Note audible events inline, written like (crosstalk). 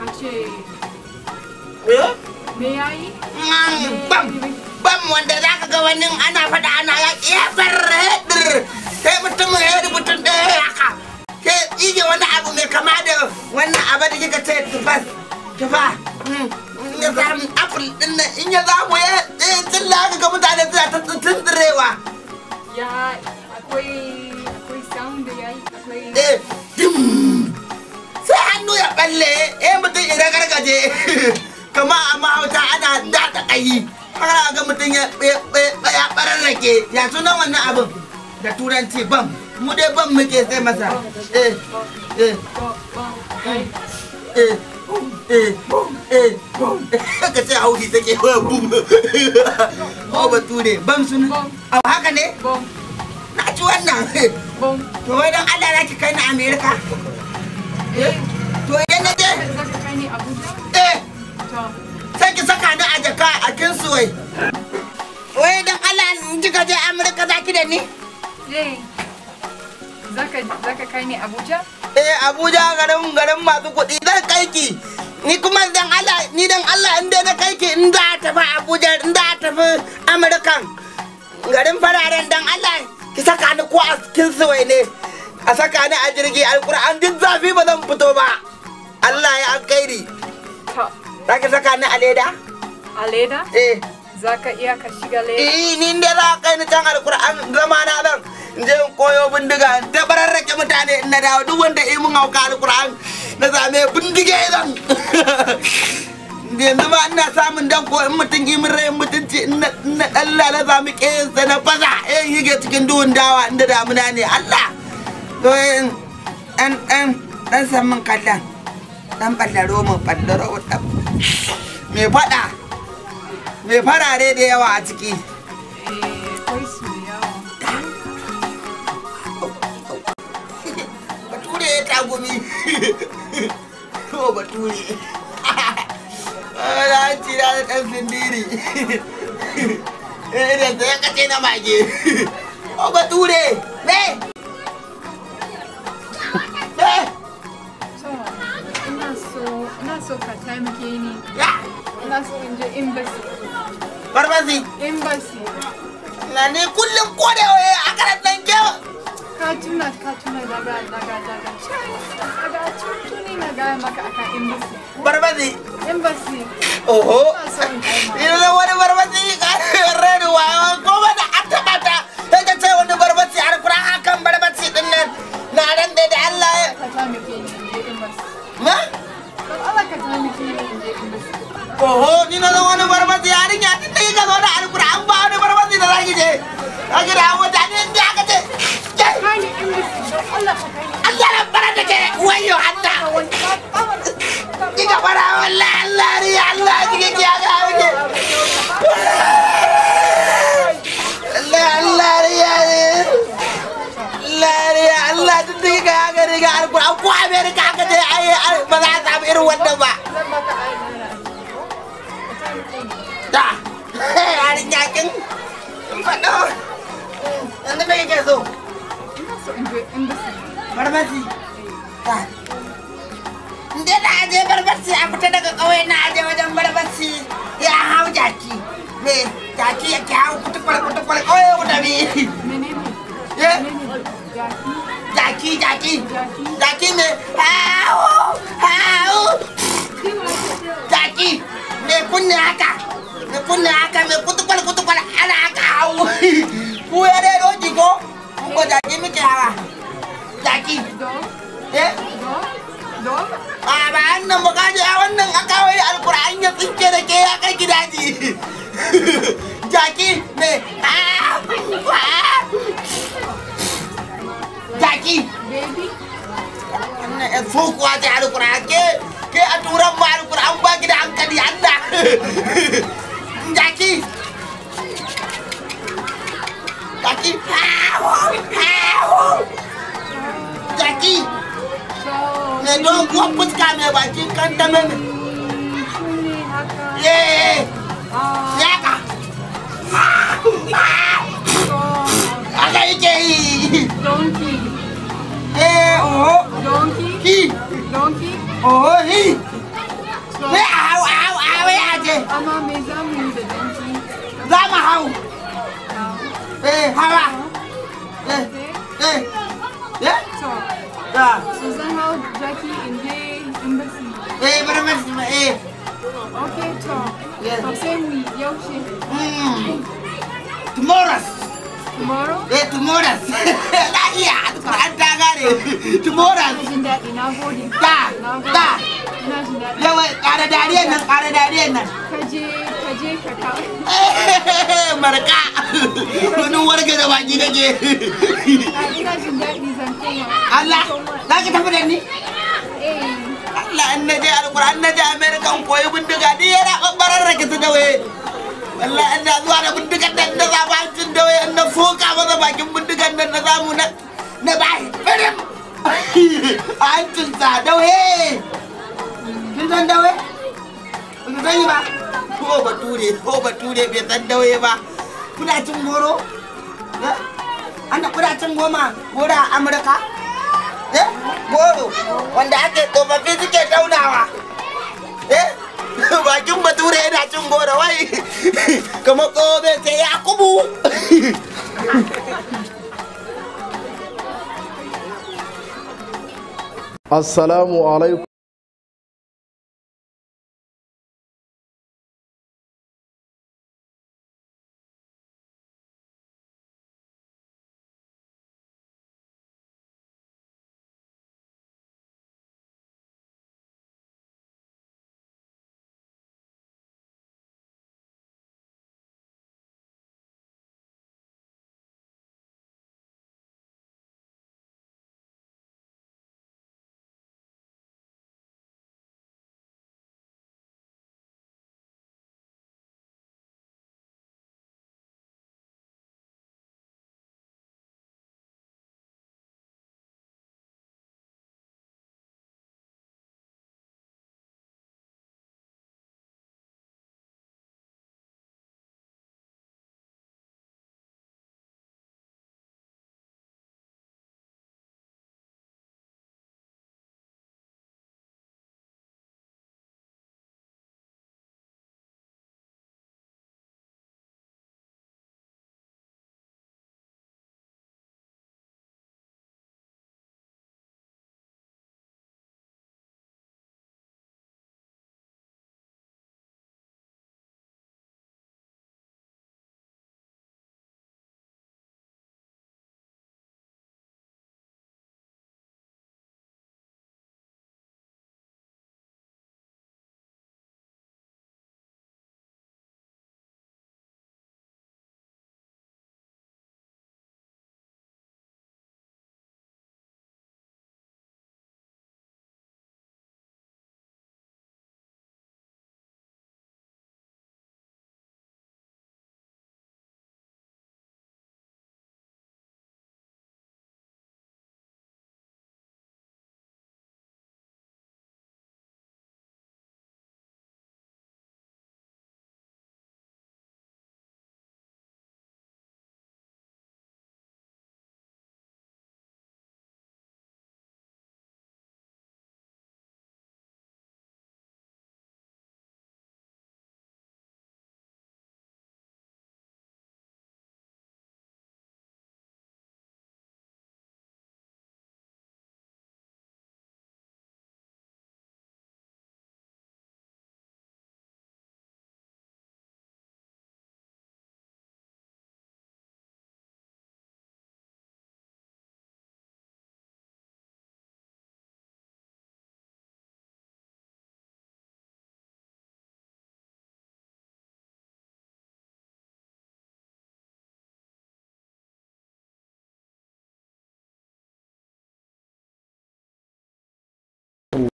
ka eh? ya mm, bam wanda za ka ga wani ana faɗa ana ya ƙefar eh, hedir sai mutum ya rubutun ɗaya haka sai ije wani abu mai kama da wannan abu da kika ce tufas tufa mm, in ya samu apple ɗin nan in ya ya eh, ga mutane suna ta ya akwai akwai sound ya yi akwai hannu ya balle eh mutum idan gargaje (laughs) kama a mahauta ana da ta kai ana ga mutum ya ya rake ya sunan wannan abin da turanci bam mu dai bam muke sai masa eh eh eh eh, eh. (laughs) ka ce hauki take wa bum ba (laughs) ko ne bam suna a haka ne na ci wannan to wai don allah na ki kai na america eh eh sai ki saka ni a jaka a kinsuwai wai don allah in ji je amurka za ki da ni eh, zaka kai ni abuja eh abuja garin garin masu kuɗi zan kai ki ni kuma dan allah ni dan allah in na kai ki in za tafi abuja in za tafi amurkan garin fararen dan allah ki saka ni ko a kinsuwai ne a saka ni a jirgi alkur'an duk zafi ba zan fito ba Allah ya alkhairi. Za ka saka ni a leda? A leda? Eh. Za ka iya ka shiga leda? Eh, ni inda za ka kai ni can alkur'an zama na nan. In je in koyo bindiga, ta bararrake mutane in na dawo duk wanda ya mun hauka alkur'an na same bindige zan. (laughs) yanzu ma ina samun dan ko in mutum yi min rayin mutunci in na dan za mu kiyansa na faza in eh, yige cikin duhun dawa inda damuna ne Allah to en eh, en en dan samun kallan dan ballaro mu ballaro dan me fada me farare da yawa a ciki bature ya tagumi (laughs) to bature (laughs) na dan sindiri (laughs) eh na mage oh, bature taimake ni ina so in je embassy farmasi embassy na ne kullum ko da a karantar kewa ka tuna ka tuna daga ga da da tuntuni na ga maka akan embassy farmasi embassy oho ina wani farmasi ka (laughs) redo wa oho ni na zama wani barbazi yarinya tun da kika zo da alkur'an ba wani barbazi da zaki je zaki da mota ne inda aka ce Allah na bara da ke hatta kika fara wallahi Allah ri Allah kike ki aka wuce Allah Allah ri Allah ri Allah tun da kika ga riga alkur'an ko Amerika aka je ai ba za a samu irin ba da yarin yakin faɗo yanzu me a fita daga ƙauye na aje wajen barbaci ya hau jaki me jaki yake hau fito jaki ke hawa jaki eh a ba annan ba kaje a wannan a kawai alkur'an ya tsinke da ke ya kai gidaji (laughs) jaki ne ah! ah! jaki wannan yan so kuwa ta chim em bachi cántame. Yeah. Yaka. Donkey. Donkey. Eh, oh. Donkey. He. Donkey. Oh, he. Where how how how where je? Ama mezamu the donkey. Zama how? Eh, how? Eh. Eh. Yeah. So. Yeah. So somehow Jackie in here Eh, para eh, mais uma. Eh. Ok, tchau. Yes. mm. Tomorrow. Tomorrow? Eh, tomorrow. Da iya, tomorrow ta gare. Tomorrow. Ina jin daɗi, na tomorrow Da, da. Ina jin daɗi. Yawa, ƙara dariyar nan, ƙara Kaje, kaje ka Wani tafi da ni? Allah an naje alquran naje na je america koyi bindiga ni yana babbarar rikici da waye wallahi an zuwa da bindiga nan da zaba hancin da waye an na foka ba da bakin bindigan nan na zamu na na bahi birim (laughs) an tun sa da waye kin san da waye kun yi ba ko ba ture ko ture bai san da waye ba kuna cin goro eh? ana kuna cin goma gora amurka eh goro wanda ake السلام عليكم